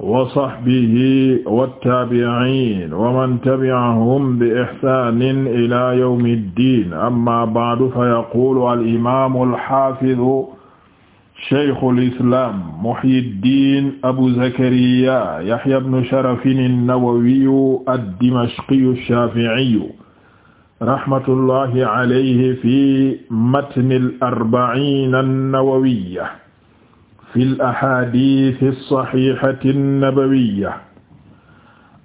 wa sahbihi wattaabi'iin wa man tabi'ahum bi ihsaanin ilaa yawmi ddiin amma ba'du fa yaquulu al-imaamu al-haafidu shaykhul islaam muhyiddin abu zakariya yahya ibnu sharafin an-nawawiyu ad-dimashqiyu ash-shaafi'iyu rahmatullahi alayhi fi matni al-arba'iin an-nawawiyya fil axaadiisi saxiixati nabawiyya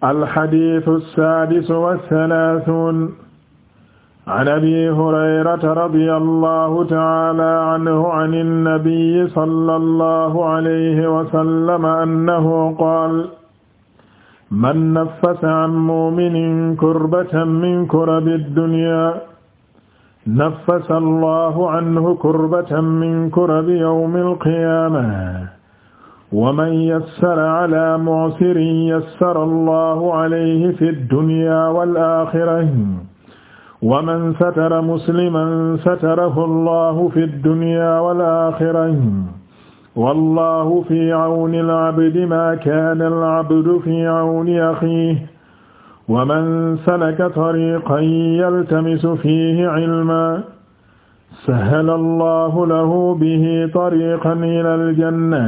alxadiisu saadisu wa salaasuun an abii hurayrata radiyallaahu ta'aalaa anhu ani nabiyyi sallallahu alayhi wa sallam annahu qaala man naffasa an mu'minin kurbatan min kurabi dunyaa nafasa allahu anhu kurbatan min kurabi yawmi alqiyaama wa man yassara ala mu'sirin yassara allahu alayhi fi dunya wal aaxirati wa man satara musliman satarahu allahu fi dunya wal aaxirati wallahu fi awni al abdi ma kaana al abdu fi awni axiihi wa man salaka tariqan yaltamisu fihi ilman sahala allahu lahu bihi tariqan ila aljanna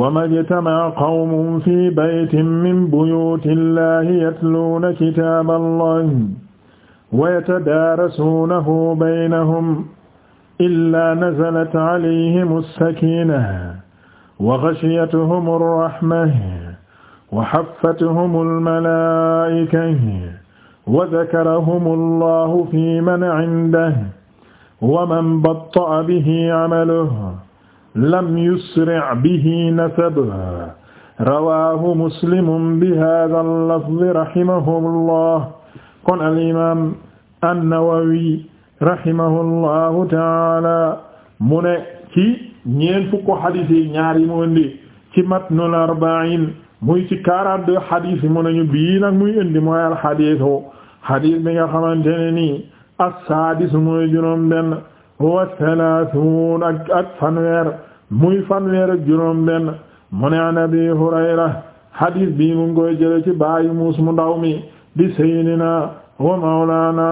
wama jtamaca qawmun fi baytin min buyuti illahi yatluuna kitaaba allahi wa yatadaarasuunahu baynahum illaa nazalat calayhim assakiinatu wa gashiyatuhum arrahmatu wa haffathum almalaa'ikatu wa dhakarahum allahu fi man 'indahu wa man batta'a bihi 'amaluhu lam yusri' bihi nasabuhu rawaahu muslimun bi haadhal lafzi rahimahullah kon al imaam an-Nawawi rahimahullahu ta'aala mu ne ci ñeent fukk hadiis yi ñaar yi mu indi ci matnul arba'iin muy ci 42 xadis yi mu nañu bii nag muy indi mooy a xadisu a bi nga xamante ne nii as-saadis mooy juróom benn wa salaasuun ak ak fanweer muy fanweer ak juróom benn an abi hurayra xadis bii mu ngi koy jële ci bàyyi muus mu ndaw mi di sayyidina wa mawlaana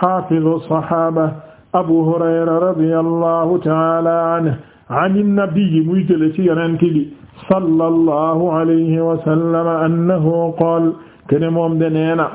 xaafizu saxaaba abu hurayra radiyallahu taala an nabi muy jële ci sallallahu alayhi wa sallam annahu qaala kene moom de nee na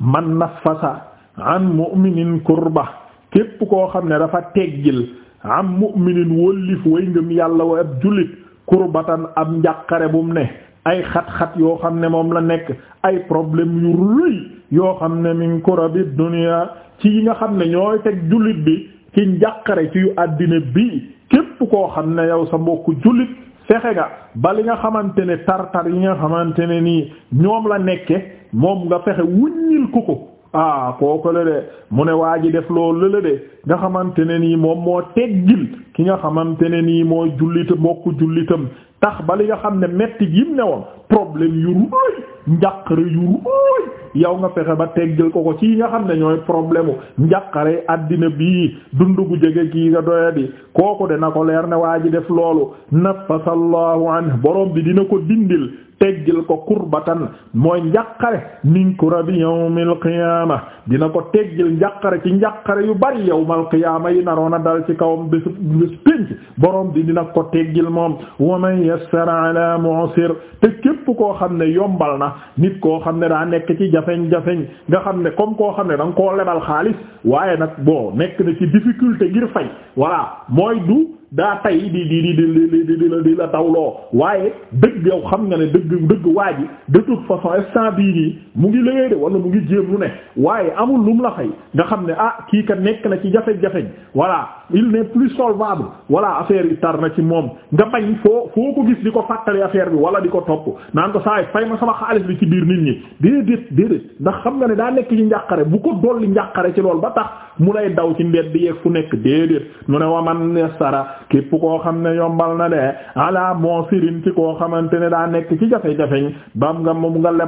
man naffasa an mu'minin kurba képp koo xam ne dafa teggil an mu'minin wóllif way ngëm yàlla wa ab jullit kurbatan ab njàqare bum ne ay xat-xat yoo xam ne moom la nekk ay problème yu rëy yoo xam ne min kurabi dunya ci yi nga xam ne ñooy teg jullit bi ci njàqare ci àddina bi képp koo xam ne yow sa mbokku jullit fexe nga ba li nga xamante ne tartar yi nga xamante ne nii ñoom la nekke moom nga fexe wuññil ko ko ah kooku la de mu ne waa ji def loolu la de nga xamante ne nii moom moo teggil ki nga xamante ne nii mooy jullit mbokku jullitam tax ba li nga xam ne metti yim mu ne woon problème yu ruuy njàqare yu ruuy yow nga fexe ba teg teggil ko ko ci nga xam ne ñooy problème u njàqare àddina bii dund gu jege kii nga doya kooku de na ko leer ne waa ji def loolu nafasa allahu an borom bi dina ko dindil teggil ko kurbatan mooy njàqare min kurabi yawmil qiyaama dina ko teggil njàqare ci njàqare yu bari yawmal qiyaama yi naroon a dal ci kawam bés bés pénc borom bi dina ko teggil moom wa man yassara ala mu'sir te képp koo xam ne yombal na nit koo xam ne daa nekk ci jafeñ-jafeñ nga xam ne comme koo xam ne danga nga koo lebal xaalis waaye nag boo nekk na ci difficulté ngir fay voilà mooy du daa tey di di di di di di la tawloo waaye dëgg yow xam nga ne dëgg dëgg waa ji de toute façon instant bii nii mu ngi liggéey de wala mu ngi jéem lu ne waaye amul lum la fay nga xam ne ah kii kat nekk na ci jafe-jafe voilà il n'est plus solvable voilà affaire yi tar na ci moom nga bañ foo foo ko gis di ko fàttali affaire bi wala di ko topp naan ko saay fay ma sama xaalis bi ci biir nit ñi déedéet déedéet ndax xam nga ne daa nekk ci njàqare bu ko dolli njàqare ci loolu ba tax mu lay daw ci mbedd yéeg fu nekk déedéet mu ne wa man sara képp koo xam ne yombal na de ala moo sirin ci koo xamante ne daa nekk jafe-jafe bam nga moom nga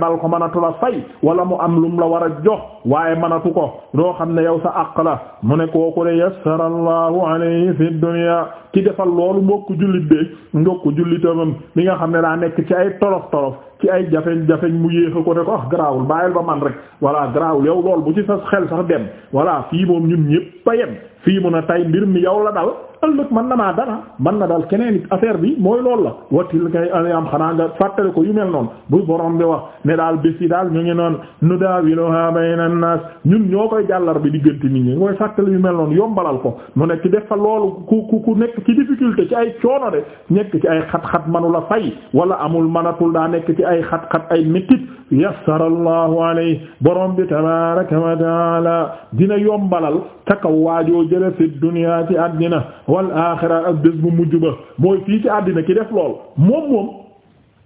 fay wala mu am lum la war a jox waaye manatu ko doo xam ne yow sa àq mu ne kooku de yassara allahu fi dunya ki defal loolu mbokku jullit de mbokku jullitamam mi nga xam ne daa nekk ci ay torof torof ci ay jafeñ-jafeñ mu yéex ko ne ko ah garaawul bàyyil ba man rek voilà garaawul yow loolu bu ci sa xel sax dem voilà fii moom ñun ñépp a yem fii mun a tay mbir mi yow la dal ëllëg man na maa dara man na dal keneen it affaire bi mooy loolu la watil kay am xanaa nga fàttali ko yu mel noonu bu borom bi wax ne daal bés yi daal ñu ngi noon nu daawiluha bayna nas ñun ñoo koy jàllar bi diggante nit ñi mooy fàttali yu mel noonu yombalal ko nekk ci difficulté ci ay coono de nekk ci ay xat-xat manu la fay wala amul manatul daa nekk ci ay xat-xat ay méttit yassara allahu alayhi borom bi tabaraka wa taala dina yombalal ca kaw waajoo jële fi dunya ci àddina wal axira ak bés bu mujj ba mooy fii ci àddina ki def lool moom moom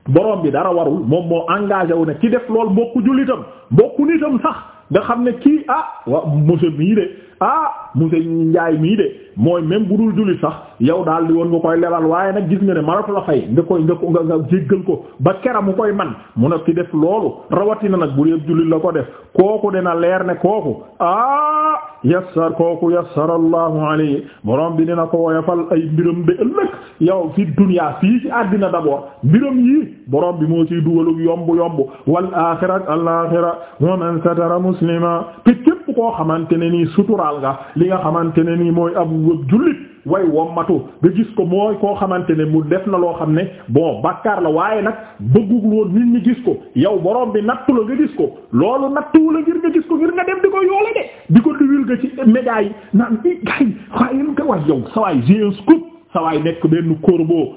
borom bi dara warul moom moo engagé wu ne ci def lool mbokku jullitam mbokku nitam sax nga xam ne kii ah wa monsieur mii de ah monsieur njaay mii de mooy même bu dul jullit sax yow daal di woon nga koy lebal waaye nag gis nga ne maratu la fay nga koy nga ko nga nga jéggal ko ba kera mu koy man mu ne ki def loolu rawatina nag bu dee jullit la ko def kooku de na leer ne kooku ah yassar kooku yassara allahu alayhi borom bi dina ko woyofal ay mbiram ba ëllëg yow fi dunya fii ci àddina d'abord mbiram yii borom bi moo ciy dugalug yombu yomb wal axirat al axira wa man satara muslima te képp koo xamante ne nii suturaal nga li nga xamante ne nii mooy ab jullit way wommatu nga gis ko mooy koo xamante ne mu def na loo xam ne bon bàkkaar la waaye nag bëggul woon nit ñi gis ko yow boroom bi nattu la nga gis ko loolu nattu la ngir nga gis ko ngir nga dem di ko yoole de di ko diwil nga ci média yi naan i gay xaayén nga wax yow sawaay gn scoop sawaay nekk benn corbeau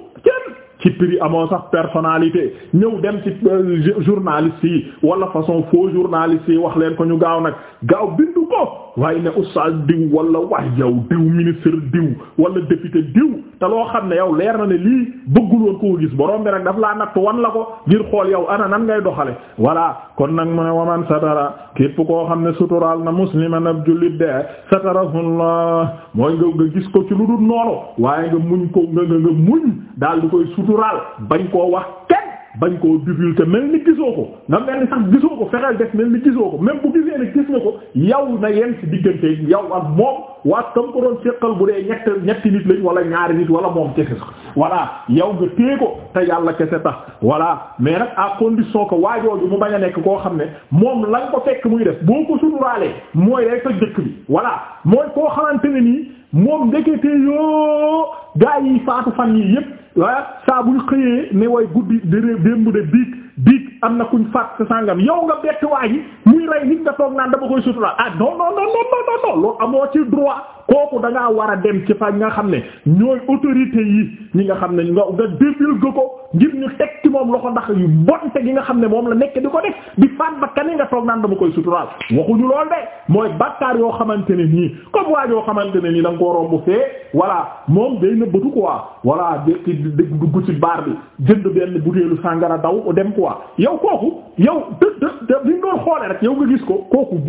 ci prix amoo sax personnalité ñëw dem ci euh, journaliste yi wala façon faux journaliste yi wax leen ko ñu gaaw nag gaaw bindu ko waaye ne oustaz diw wala wax yow diw ministre diw wala député diw te loo xam ne yow leer na ne lii bëggul woon koo gis borom bi nag daf laa natt wan la ko ngir xool yow ana nan ngay doxale voilà kon nag mu ne waman satara képp koo xam ne suturaal na musliman ab jullit de satarahullah mooy nga nga gis ko ci lu dul noonu waaye nga muñ ko nga nga nga muñ daal di koy suturaal bañ koo wax kenn bañ koo divulguer mel ni gisoo ko nga mel ni sax gisoo ko fexeel def mel ni gisoo ko même bu gisee ne gis na ko yow na yem ci diggante yow ak moom waa tam ko doon seqal bu dee ñett ñetti nit lañ wala ñaari nit wala moom kese sax voilà yow nga téye ko te yàlla kese tax voilà mais nag à condition que waajooju mu bañ a nekk koo xam ne moom la ko fekk muy def boo ko suturaalee mooy day toj dëkk bi voilà mooy koo xamante ne nii moom ndeketee yoo gaa yi faatu fan yii yépp. waa saa buñ xëyee ne way guddi démb de biig biig am na kuñ faat sa yow nga bett waa ji muy rey nit nga toog naan dama koy sutura ah non non non non ci droit kooku da ngaa war a dem ci fa nga xam ne ñooy autorité yi ñi nga xam ne nga nga déful ga ko ngir ñu teg ci moom loxo ndax yu bonte gi nga xam ne moom la nekk di ko def di faat ba kani nga toog naan dama koy suturaal waxuñu lool de mooy bàkkaar yoo xamante ne nii comme waa yoo xamante ne nii da nga koo romb fee voilà moom day nëbbatu quoi voilà dugg ci baar bi jënd benn butéelu sàngara daw dem quoi yow kooku yow te te te li ñu doon xoolee rek yow nga gis ko kooku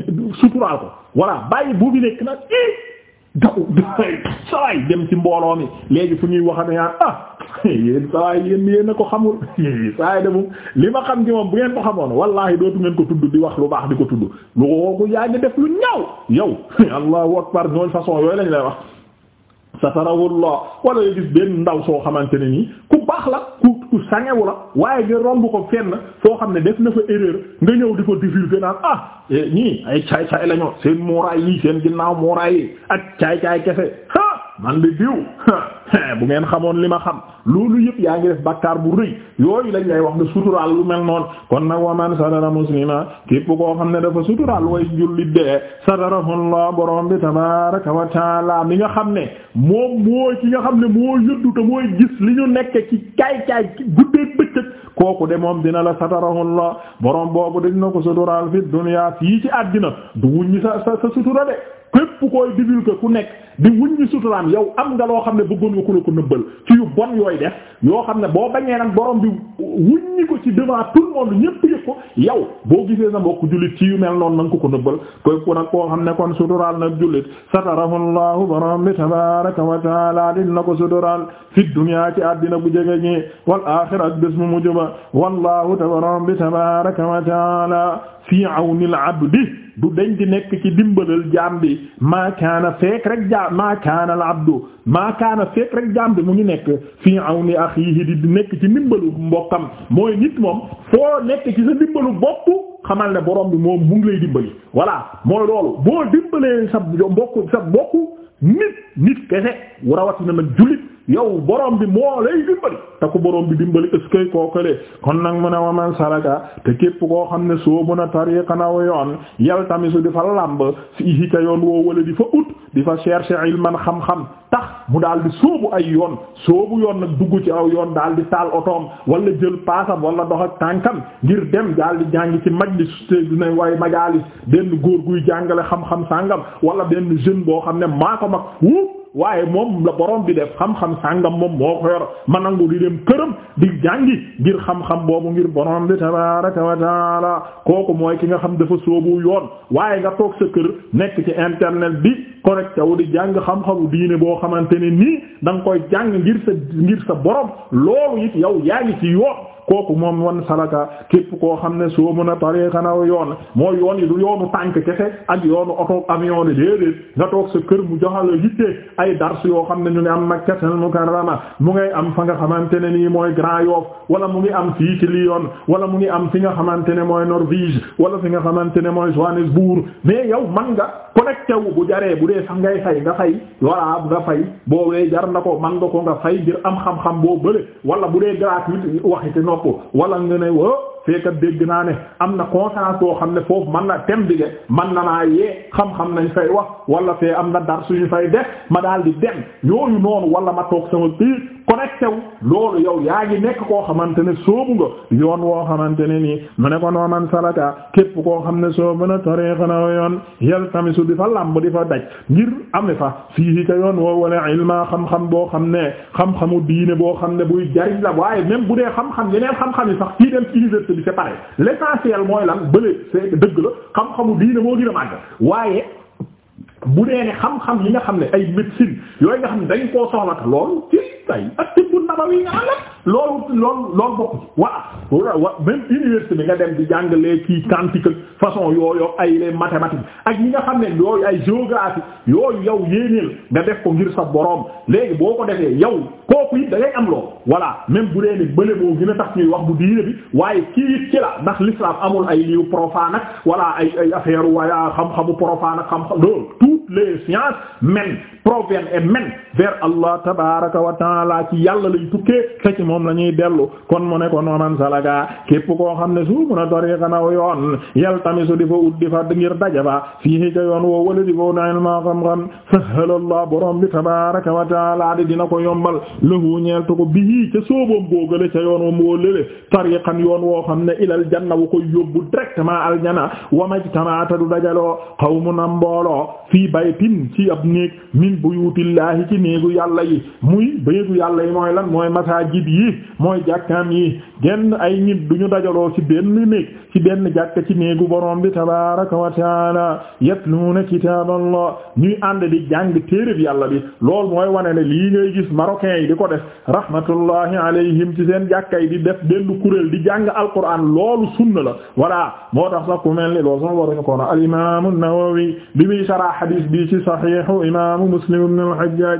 suturaal ko voilà bàyyi bu nekk nag ii daw sawaay dem ci mbooloo ni léegi fu ñuy waxa naan ah yéen sawaay yéen yéen na ko xamul sawaay de moom li ma xam ci moom bu ngeen ko xamoon wallahi dootu ngeen ko tudd di wax lu baax di ko tudd lu ko yaa ngi def lu ñaaw yow allahu akbar ñooñ façon yooyu lañ lay wax satarawullah wala nga gis benn ndaw soo xamante ne nii ku baax la ku ku sangewu la waaye nga romb ko fenn foo xam ne def na fa erreur nga ñëw di ko divulguer naan ah eh, ñii ay caay caay lañu seen mooraay yi seen ginnaaw mooraay yi ak caay caay kese man li diw bu ngeen xamoon li ma xam loolu yëpp yaa ngi def bakkaar bu rëy yooyu lañ lay wax nga suturaal lu mel noonu kon nag waman satara muslima képp koo xam ne dafa suturaal way jullit dee satarahullah borom bi tabaraka wa taala mi nga xam ne moom moo ci nga xam ne moo yëddu te mooy gis li ñu nekk ci caay-caay guddee bëccëg kooku de moom dina la satarahullah borom boobu dina ko suturaal fi dunya fii ci àddina du wuññi sa sa sutura de képp koy divulguer ku nekk di wuññi suturaam yow am nga loo xam ne bëggoon nga ku la ko nëbbal ci bon yooy def yoo xam ne boo bañee nag borom bi wuññi ko ci devant tout le ñépp yëg ko yow boo gisee sa mbokk jullit ci yu mel noonu na ko ko nëbbal koy ku nag koo xam ne kon suturaal na jullit satarahu allahu borom bi tabaraka wa taala dina ko suturaal fi dunya ci àddina bu jege ñi wal axira ak bés mu wallahu borom wa taala fi awnil du dañ di nekk ci dimbalal jaam bi maakaana fekk rek jaam maakaana al abdu maakaana fekk rek jaam bi mu ngi nekk fii awni akhihi di nekk ci dimbalu mbokkam mooy nit moom foo nekk ci sa dimbalu bopp xamal ne borom bi moom mu ngi lay dimbali voilà mooy loolu boo dimbalee sa mbokk sa mbokk nit nit kese rawatina nag jullit yow borom bi moo lay dimbali te borom bi dimbali est kookale kon nag mu ne wa man saraka te képp koo xam ne soobu na tariqan aw yoon yaltamisu di fa làmb fiihi ca yoon woo wala di fa ut di fa chercher ilman xam-xam tax mu daal di soobu ay yoon soobu yoon nag dugg ci aw yoon daal di taal otoom walla jël paasam wala dox tànkam ngir dem daal di jàng ci mag majlis dina way majalis benn góor guy jàngale xam-xam sàngam wala benn jeune boo xam ne maa mag waaye moom la boroom bi def xam-xam sàngam moom moo ko ma nangu di dem këram di jàngi ngir xam-xam boobu ngir borom bi tabaraka wa taala kooku mooy ki nga xam dafa sóobu yoon waaye nga toog sa kër nekk ci internet bi connecté wu di jàng xam-xamu diine boo xamante ne nii da koy jàng ngir sa ngir sa borom loolu it yow yaa ngi ci yoon kooku moom wan salaka képp koo xam ne soo mën a tariqan aw yoon mooy yoon yi du yoonu tànk kese ak yoonu oto avion de déedéet nga toog sa kër mu joxala yitte ay dars yoo xam ne ñu ngi am Makkatul Mukarrama mu ngay am fa nga xamante ne nii mooy Grand Yoff wala mu ngi am fii ci Lyon wala mu ngi am fi nga xamante ne mooy Norvège wala fi nga xamante ne mooy Johannesburg mais yow man nga connecté wu bu jaree bu dee sax ngay fay nga fay wala bu nga fay boo ko man nga ko nga fay ngir am xam boo bële wala bu dee nopp wala nga ne wa feekat dégg naa ne am na conférence boo xam ne foofu man na thème bi de man na naa yee xam-xam nañ fay wax wala fee am na dar suñu fay def ma daal di dem yooyu noonu wala ma toog sama biir connecté wu loolu yow yaa ngi nekk koo xamante ne soobu yoon woo xamante ne nii mu ne ko nooman salaka képp koo xam ne soobu na tariqan aw yoon yel tamisu di fa làmb di fa daj ngir ame fa fii ka yoon woo wala ilma xam-xam boo xam ne xam-xamu diine boo xam ne bu dee di séparer l'essentiel mooy lan bële c'est dëgg la xam-xamu diine moo gën a màgg waaye bu dee ne xam-xam yi nga xam ne ay médecine yooyu nga xam ne dañ koo soxla loolu ay ak tibbu nabawi nga alam loolu loolu loolu bokk ci waa même université bi nga dem di jàngale kii quantique façon yooyu ay les mathématiques ak yi nga xam ne yooyu ay géographie yooyu yow yéeneel nga def ko ngir sa boroom léegi boo ko defee yow kooku it da ngay am loolu voilà même bu dee ni bële moo gën a tax ñuy wax bu diine bi waaye kii it ci la ndax l'islam amul ay lieu profane ak ay ay affaire wala xam-xamu profane xam-xam loolu toutes les sciences taala ci yàlla lay tukkee te ci moom la ñuy dellu kon mu ne ko nooman salaka képp koo xam ne su mun a tariqan aw yoon yaltamisu di fa ut di fa ngir dajaba fii ca yoon woo wala di ko naan maa xam-xam fahalallah borom bi tabaraka wa taala di dina ko yombal lahu ñeeltu ko bii ca sóobam boogale ca yoon wam woo lële tariqan yoon woo xam ne ilal janna wu koy yóbbu directement aljana wamajtamaata du dajaloo qawmun am mbooloo fii baytin ci ab néegu yàlla yi mooy lan mooy masaajid yi mooy jàkkaam yi genn ay nit duñu dajaloo ci benn néeg ci benn jàkka ci néegu borom bi tabaaraka wa taala yatluuna kitaaballah ñuy ànd di jàng téereb yàlla bi lool mooy wane ne lii gis marocain yi di ko def rahmatullahi alayhim ci seen jàkka yi di def benn kuréel di jàng alquran loolu sunna la voilà moo tax sax ku mel ni loolu sax waruñu ko na al imam an-Nawawi bi muy sarah bi ci sahihu imam Muslim ibn al-Hajjaj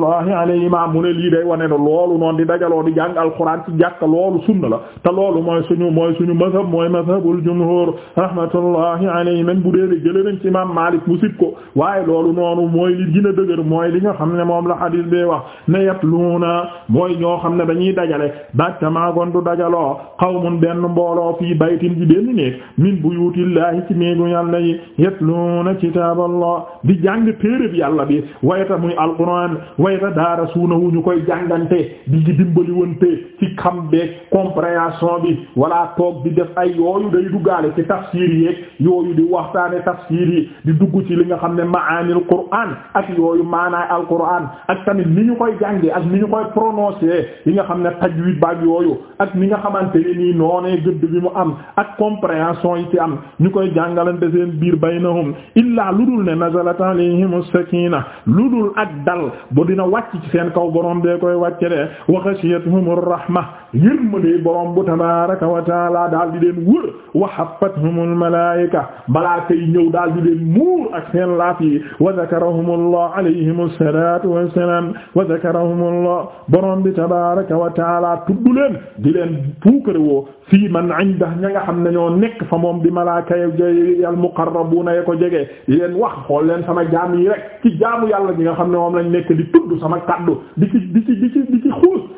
rahmatullahi alayhima mu ne lii day wane ne loolu noonu di dajaloo di jàng alquran ci jàkka loolu sunna la te loolu mooy suñu mooy suñu mazhab mooy mazhabul jumhur rahmatullahi alayhi même bu dee jëlee nañ ci imam Malik mu ko waaye loolu noonu mooy li gën a dëgër mooy li nga xam ne moom la hadis bi wax ne yatluuna mooy ñoo xam ne dañuy dajale bàctamaagoon du dajaloo qawmun benn mbooloo fii baytin ci benn néeg min buyutillahi ci néegu yàlla yi yatluuna kitaaballah di jàng téereb yàlla bi wayta muy alquran way na daara suunawu ñu koy jàngante di di dimbaliwante ci xam beeg compréhension bi walla toog bi def ay yooyu day duggaale ci tafsir yeeg yooyu di waxtaane tafsir yi di dugg ci li nga xam ne maanil qur'an ak yooyu maanaay al qur'an ak tamit ni ñu koy jàngee ak ni ñu koy prononcer yi nga xam ne tajwid baag yooyu ak ni nga xamante ne nii noonee gëdd bi mu am ak compréhension yi ci am ñu koy jàngalante seen biir baynahum illaa ludul ne nazalat alayhim as-sakina ludul ak dal dina wàcc ci seen kaw borom bee koy wàcce de wa xashiyatuhumur rahma yërmande borom bu tabaaraka wa taala daal di leen wër wa haffatuhumul malaayika balaa kay ñëw daal di leen muur ak seen laaf yi wa zakarahumullah alayhimu salaatu wassalaam wa zakarahumullah borom bi tabaaraka wa taala tudd leen di leen puukare woo fii man inda ña nga xam ne ñoo nekk fa moom di malaaka yal muqarrabuuna ya ko jege di leen wax xool leen sama jaam yi rek ci jaamu yàlla ñi nga xam ne moom lañ nekk di tudd sama kaddu di ci di ci di ci di ci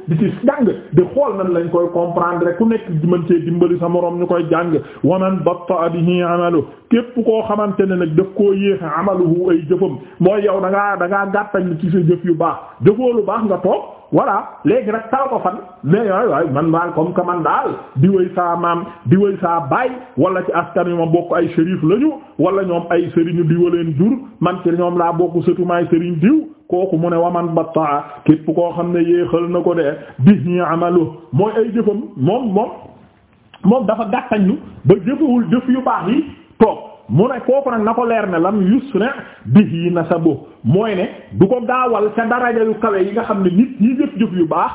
di ci jàng di xool nan lañ koy comprendre rek ku nekk mën cee dimbali sa moroom ñu koy jàng waman batta bihi amalu képp koo xamante ne nag daf koo yéexe amaluhu ay jëfam mooy yow da ngaa da ngaa gàttañ ci sa jëf yu baax jëfoo lu baax nga toog voilà léegi nag taw ko fan mais waay waay man daal comme que man daal di wéy saa maam di wéy saa baay wala ci askan wi ma bokk ay shérif lañu wala ñoom ay sëriñu di waleen jur man ci ñoom laa kooku mu ne waman bataa képp koo xam ne yéexal na ko de bihi amalu mooy ay jëfam moom moom moom dafa gàttañlu ba jëfewul jëf yu baax yi toog mu ne kooku nag na ko leer ne lam yusra bihi nasabu mooy ne du ko gaawal ca daraja yu kawe yi nga xam ne nit ñi jëf-jëf yu baax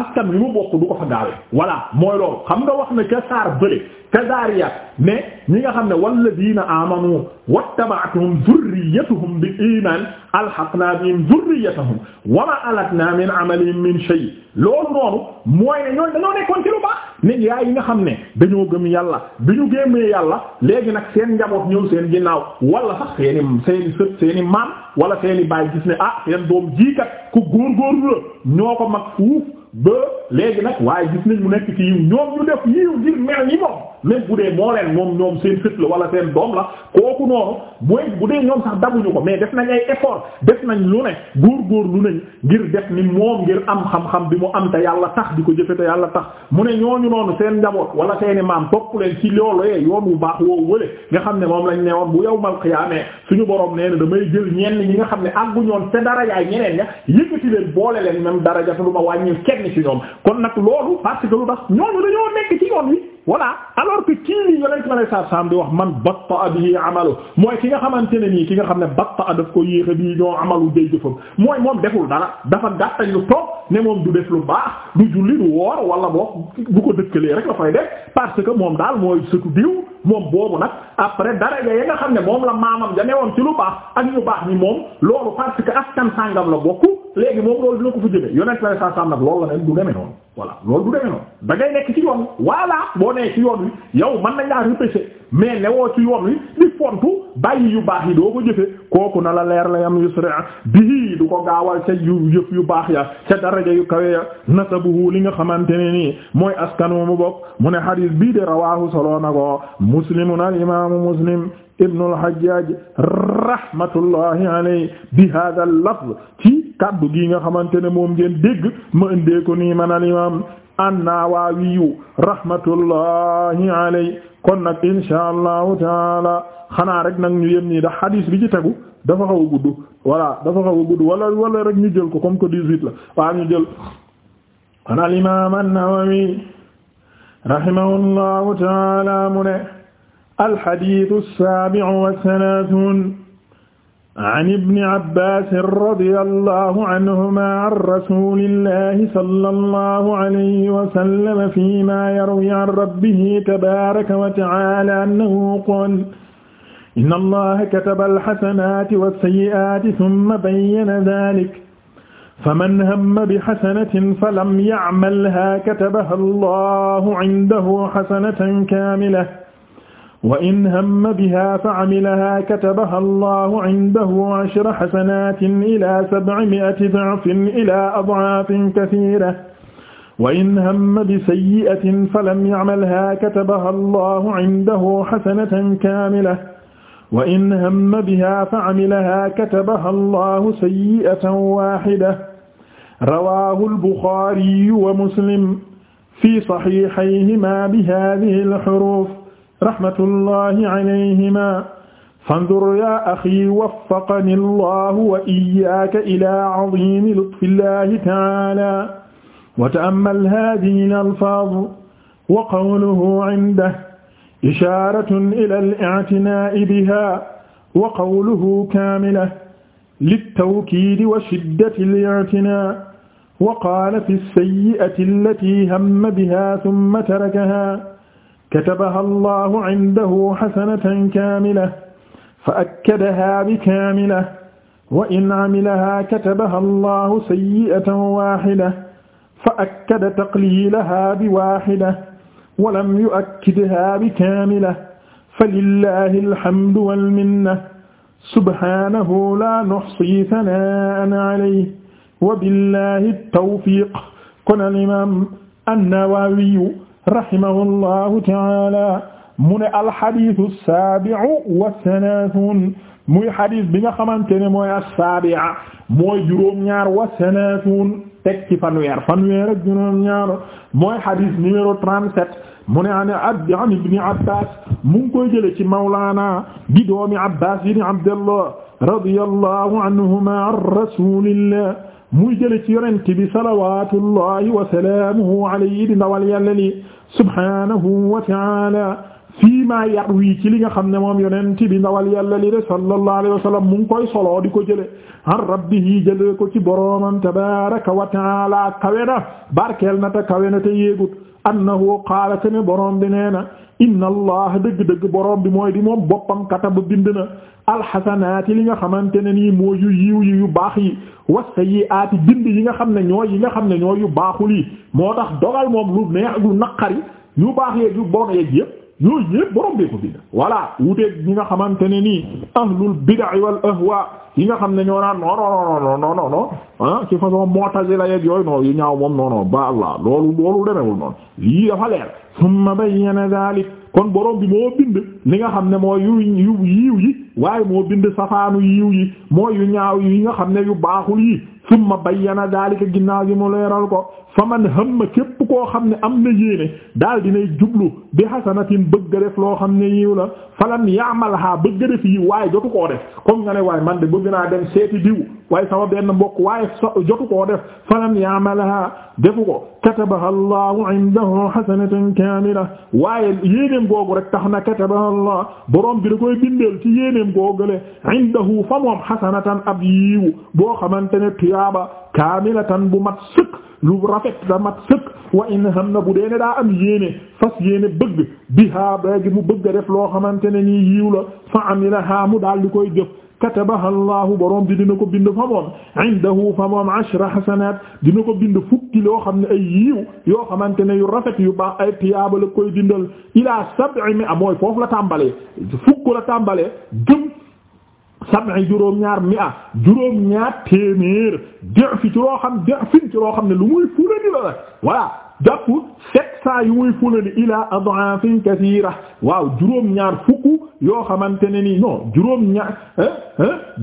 askan wi mu bokk du ko fa gaawee voilà mooy loolu xam nga wax na ca saar bële te zaariyaat mais ñi nga xam ne walladiina amanu wattaba'athum dhurriyyatuhum bil iimaan alhaqnaa bihim dhurriyyatahum wa maa alatnaa min amalihim min shay loolu noonu mooy ne ñooñu dañoo nekkoon ci lu baax nit yaa yi nga xam ne dañoo gëm yàlla bi ñu gëmee yàlla léegi nag seen njaboot ñëw seen ginnaaw wala sax seeni seeni sët seeni maam wala seeni baay gis ne ah seen doom jiikat ku góorgóorlu la ñoo ko mag fuuf ba léegi nag waaye gis nañ mu nekk ci yiw ñoom ñu def yiw ngir mel ñi moom même bu dee moo leen moom ñoom seen sët la wala seen doom la kooku noonu mooy bu dee ñoom sax dabuñu ko mais def nañ ay effort def nañ lu ne góor-góor lu nañ ngir def ni moom ngir am xam-xam bi mu am te yàlla tax di ko jëfe te yàlla tax mu ne ñooñu noonu seen njaboot wala seeni maam topp leen ci loolu yee yoon wu baax woo wële nga xam ne moom lañ ne woon bu yawmal qiyaamee ñu borom nee na damay jël ñenn ñi nga xam ne àgguñoon te dara yaay ñeneen ña leen boole leen même lenn ci ñoom kon nag loolu parce que lu tax ñooñu dañoo nekk ci yoon wi voilà alors que kii li yonent ma lay saa saam bi wax man batta bihi amalu mooy ki nga xamante ne nii ki nga xam ne batta daf ko yéex a bii ñoo amalu day jëfam mooy moom deful dara dafa gàttañ lu toog ne moom du def lu baax du julli du woor wala boog bu ko dëkkalee rek la fay def parce que moom daal mooy sëtu diw moom boobu nag après dara ya nga xam ne moom la maamam ja newoon ci lu baax ak ñu baax ñi moom loolu parce askan sàngam la bokku léegi moom loolu dina ko fa jëmee yonent la saa saa nag loolu la ne du demee noonu voilà loolu du demee noonu da nekk ci yoon voilà boo nee ci yoon yow man nañ laa repêché mais woo ci yoon wi di fontu bàyyi yu baax yi doo ko jëfee kooku na la leer la yam yusri bihi du ko gaawal ca yu yëf yu baax ya ca daraja yu kawe ya nasabuhu li nga xamante ne nii mooy askan wu mu bokk mu ne xadis bii de rawahu solo na ko muslimun al imaamu muslim ibnu al-Hajjaj rahmatullahi alayhi bi hada al-lafz ci kaddu gi nga xamante ne moom ngeen dégg ma indee ko nii man al imam an-Nawawi rahmatullahi alayhi kon nag insha allahu taala xanaa rek nag ñu yem nii ndax hadis bi ci tegu dafa xaw a gudd voilà dafa xaw a gudd wala wala rek ñu jël ko comme que 18 la waaw ñu jël an al imam an-Nawawi rahimahullahu taala mu ne al hadith as-sabi'u wa thalathun an ibni abbasin radiyallahu anhuma an rasulillahi sallallahu alayhi wa sallam fiima yarwi an rabbihi tabaaraka wa ta'aala annahu qaala inna allaha kataba alxasanaati wassayi'aati summa bayyana daalika faman hamma bixasanatin falam ya'malhaa katabahaa allahu indahu xasanatan kaamilatan wa in hamma biha fa'amilaha katabaha allahu indahu ashra xasanatin ila sab'imi'ati da'fin ila ad'aafin kasiira wa in hamma bi sayyi'atin falam ya'malha katabaha allahu indahu xasanatan kaamilatan wa in hamma biha fa'amilaha katabaha allahu sayyi'atan waahidatan rawaahu al-Buxaari wa Muslim fi saxiixayhimaa bi haadihil xuruuf rahmatullahi alayhima fanzur ya axi waffaqani allahu wa iyyaka ila azimi lutfillahi ta'ala wa ta'ammal hadhihi al-alfaz wa qawluhu 'indahu isharatun ila al-i'tina'i biha wa qawluhu kaamilah lit-tawkid wa shiddati al-i'tina' wa qala fi as-sayyi'ati allati hamma biha thumma tarakaha katabaha allahu indahu xasanatan kaamila fa akkadaha bi kaamila wa in amilaha katabaha allahu sayyi'atan waaxida fa akkada taqliilaha bi waaxida wa lam yu'akkidha bi kaamila fa lillahi alhamdu wal minna subhaanahu laa nuxsi sanaa'an alayhi wa billahi tawfiiq kon al imaam an-Nawawi rahimahullahu taala mu ne alxadisu saabiu wa sanaasun muy xadis bi nga xamante ne mooy as-saabi'a mooy juróom-ñaar wa sanaasun teg ci fanweer fanweer ak juróom-ñaar mooy xadis numéro 37 mu ne an abdi an ibni abbas mu ngi koy jële ci mawlaana di doomi abbas ibni abdallah radiyallahu anhuma an rasulillah muy jële ci yonent bi salawatullahi wa salaamuhu alayhi di ndawal yàlla li subhanahu wa ta'ala fii maa yarwi ci li nga xam ne moom yonent bi ndawal yàlla li de sallallahu alayhi wa sallam mu ngi koy soloo di ko jële an rabbihi jële ko ci boroomam tabaraka wa ta'ala kawe na barkeel na te kawe na te yéegut annahu qaala ne boroom bi nee na inna allah dëgg-dëgg borom bi mooy di moom boppam kataba bind na alxasanaati li nga xamante ne nii mooy yu yiw yi yu baax yi wassayiaati bind yi nga xam ne ñooy yi nga xam ne ñooy yu baaxul yi moo tax dogal moom lu neex ak lu naqari yu baax yeeg yu bon yeeg yépp yooyu yëpp borom ko bind voilà wuteeg ñi nga xamante ne nii ahlul bid'a wal ahwa yi nga xam ne ñoo naan non non non non non ah ci façon yooyu non yu ñaaw moom non non ba Allah loolu loolu demewul noonu lii dafa leer summa bayyana dalik kon borom bi moo bind li nga xam ne mooy yu yu yiiw yi moo bind safaanu yiiw yi mooy yu ñaaw yi nga xam ne yu baaxul yi summa bayyana daalika ginnaaw gi mu leeral ko fa man hamma képp koo xam ne am na yéene daal dinay jublu bi hasanatin bëgg a def loo xam ne yiw la falan ya'malha bëgg a def yiw waaye jotu koo def comme nga ne waaye man de bëgg naa dem seeti diw waaye sama benn mbokk waaye jotu koo def falan ya'malha defu ko katabaha Allahu indahu hasanatan kamila waaye yéeneem googu rek tax na katabaha Allah borom bi da koy bindeel ci yéeneem googale indahu fa moom hasanatan ab yiw boo xamante ne tuyaaba kamilatan bu mat sëkk lu rafet da mat sëkk wa in ham na bu dee ne daa am yéene fas yéene bëgg bihaa mu bëgg a def loo xamante ne nii yiw la fa mu daal di koy jëf katabaha allahu borom bi dina ko bind fa moom indahu fa moom ashra hasanat ko bind fukki loo xam ne ay yiiw yoo xamante ne yu rafet yu baax ay tiyaaba la koy dindal ila sab'i mooy foofu la tàmbalee fukk la tàmbalee gëm sab'i juróom-ñaar mi'a juróom-ñaar téeméer def fi ci loo xam def fi ci loo xam ne lu muy fulani la la voilà jàpp sept cent yu muy fulani ila ad'afin kathira waaw juróom-ñaar fukk yoo xamante ne nii non juróom-ñaar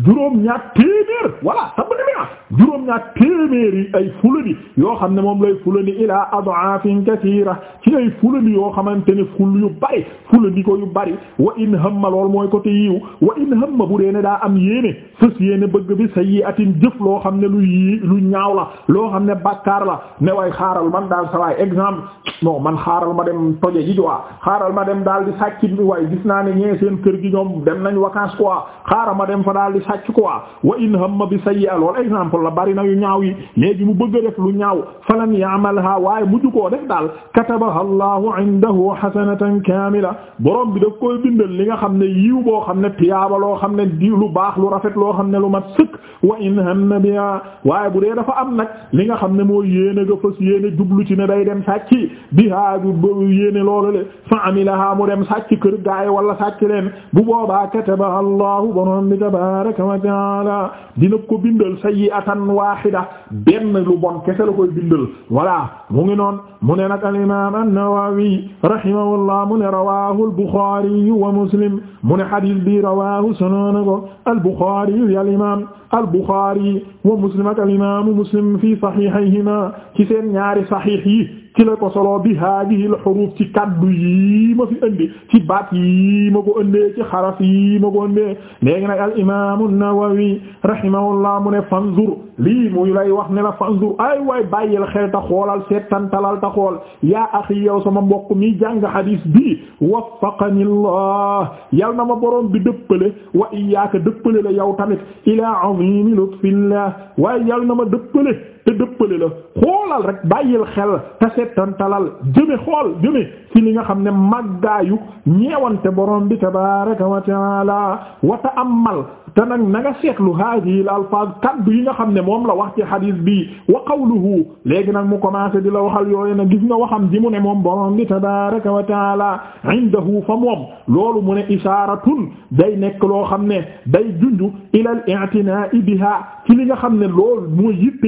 juróom-ñaar téeméer voilà sab'i mi'a juróom ñaar téeméeri ay fulani yoo xam ne moom lay fulani ilaa ad'aafin kasiira ci ay fulani yoo xamante ne ful yu bari fulani ko yu bari wa in ma lool mooy côté yiw wa in hamma bu dee ne daa am yéene fës yéene bëgg bi sayyi'atin jëf loo xam ne lu yii lu ñaaw la loo xam ne bàkkaar la ne way xaaral man daal sa waay exemple non man xaaral ma dem toje ji quoi xaaral ma dem daal di sàcc bi waaye gis naa ne seen kër gi ñoom dem nañ vacances quoi xaaral ma dem fa daal di sàcc quoi wa bi sayyi'a lool exemple la bari na yu ñaaw yi léegi mu bëgg a def lu ñaaw falan ya'malha waaye mujj koo def daal katabaha allahu indahu hasanatan kaamila borom bi daf koy bindal li nga xam ne yiw boo xam ne tiyaaba loo xam ne di lu baax lu rafet loo xam ne lu mat sëkk wa in hamma biha waaye bu dee dafa am nag li nga xam ne mooy yéene nga fës yéene jublu ci ne day dem sàcc biha bu yéene loolu le fa amilaha mu dem sàcc kër gaay wala sàcc leen bu boobaa katabaha allahu borom bi tabaaraka wa ta'aala dina ko bindal sayyi'at xasatan waaxida benn lu bon kese la koy bindal voilà mu ngi noon mu ne nag al imam an-Nawawi rahimahullah mu ne rawahu al-Bukhari wa Muslim mu ne hadith bi rawahu sonoona ko al-Bukhari al imam al-Bukhari wa Muslim ak al imam Muslim fi sahihayhima ci seen ñaari sahih yi ci la ko bi haadihi al xuruuf ci kaddu yi ma fi indi ci baat yi ma ko indee ci xaraf yi ma ko indee léegi nag al imaamu Nawawi rahimahullah mu ne fanzur lii muy lay wax ne la fanzur ay waay bàyyil xel ta xoolal seetantalal ta xool yaa axi yow sama mbokk mi jàng xadiis bi waffaqani Allah ya na ma boroom bi dëppale wa iyyaaka dëppale la yow tamit ilaa azimi lutfillah waaye yal na ma dëppale te dëppale la xoolal rek bàyyil xel te settantalal jëme xool jëme si li nga xam ne màggaayu ñeewante borom bi tabaraka wa taala wa ta'ammal te nag na nga seetlu hadihi al alfaaz kaddu yi nga xam ne moom la wax ci hadis bi wa qawluhu léegi nag mu commencé di la waxal yooyu nag gis nga waxam di mu ne moom borom bi tabaraka wa taala indahu fa moom loolu mu ne isaaratun day nekk loo xam ne day junju ila al i'tinaa'i biha ci li nga xam ne loolu mooy yitte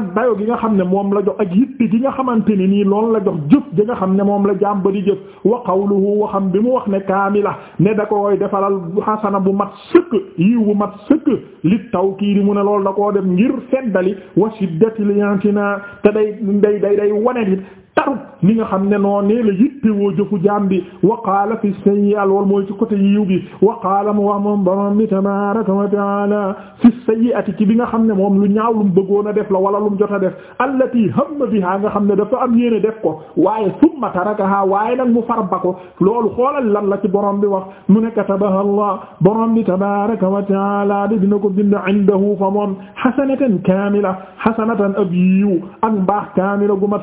ak dayo gi nga xam ne moom la jox ak yitte gi nga xamante ne nii loolu la jox jëf gi nga xam ne moom la jaam ba di jëf wa qawluhu waxam bi mu wax ne kaamila ne da koy defalal xasana bu mat sëkk yiw bu mat sëkk li tawkiidi mu ne lool da koo def ngir feddali wa shiddatil yantina te day day day day wanet it tarut ni nga xam ne noo nee la yittewoo jëfu jaam bi waqaala fi sayyi alwal mooy ci côté yiw bi waqaala mu wax moom borom bi tabaraka wa taala fi sayyi'ati ci bi nga xam ne moom lu ñaaw lu mu bëggoon a def la wala lu mu jot a def allati hamma biha nga xam ne dafa am yéene def ko waaye summa tarakaha waaye nag mu far ba ko lan la ci bi wax mu ne katabaha allah borom bi tabaraka wa taala de dina ko bind indahu fa moom hasanatan kaamila hasanatan ab yiw ak mbaax kaamila gu mat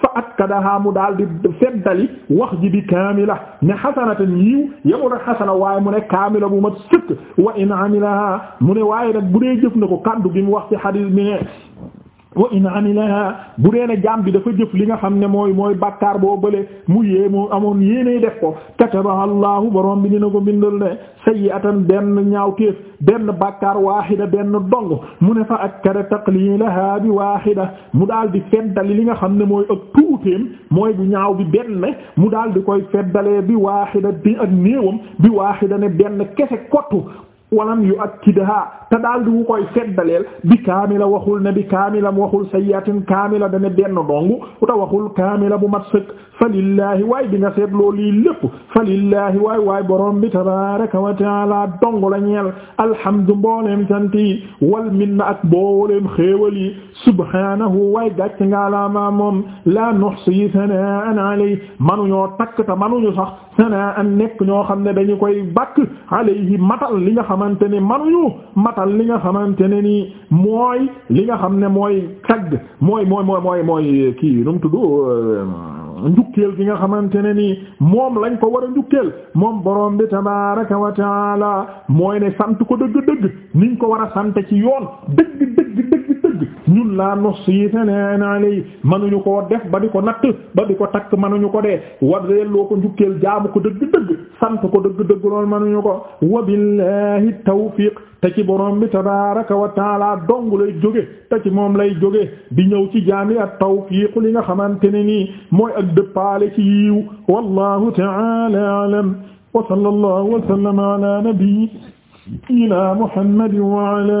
fa atkadaha mu daal di feddali wax ji bi kaamila ne xasanatan yiiw yamul a xasana waaye mu ne kaamila bu mat sëkk wa in amilaha mu ne waaye nag bu dee jëf na ko kàddu gi mu wax ci xadiis bi ne wa in amilaha bu dee ne jaam bi dafa jëf li nga xam ne mooy mooy bàkkaar boo bële mu yée moo amoon yéenee def ko katabaha allahu ba bi dina ko bindal ne atan benn ñaaw ñaawteef benn bàkkaar waahida benn dong mu ne fa akkada taqlilaha bi waahida mu daal di feddali li nga xam ne mooy ak tuuteem mooy bu ñaaw bi benn mu daal di koy feddalee bi waahida bi ak néewam bi waahida ne benn kese kottu walam yu akkidaha te daal di wu koy seddaleel bi kaamila waxul ne bi kaamila waxul sayyatin kaamila dane benn dong te waxul kaamila bu mat sëkk fa lillahi waay bi nga seetloo lii lépp fa lillahi waay waay borom bi wa taala dong la alhamdu mbooleem sant wal minna ak booleem xéewal subhaanahu waay gàcc ngaalaama moom la nuhsi sanaan alay manuñoo takk te manuñu sax sanaan nekk ñoo xam ne dañu koy bàkk alayhi matal li nga xamante ni ne manuñu matal li nga xamante ne nii mooy li nga xam ne mooy tagg mooy mooy mooy mooy kii nu mu tudd euh, njukkeel gi nga xamante ne nii moom lañ ko war a njukkeel moom borom bi tabaraka wa taala mooy ne sant ko dëgg-dëgg niñ ko war a sant ci yoon dëgg dëgg ñun laa nos yi saneen alay manuñu koo def ba di ko natt ba di ko takk manuñu ko dee war delloo ko njukkeel jaamu ko dëgg-dëgg sant ko dëgg-dëgg lool manuñu ko wa billahi tawfiq te ci borom bi tabaraka wa taala dong lay jóge te ci moom lay jóge di ñëw ci jaami at tawfiq li nga xamante ne nii mooy ak dëppaale ci yiiw wallahu taala alam wa sallallahu wa sallama ala nabiyyina muhammadin wa ala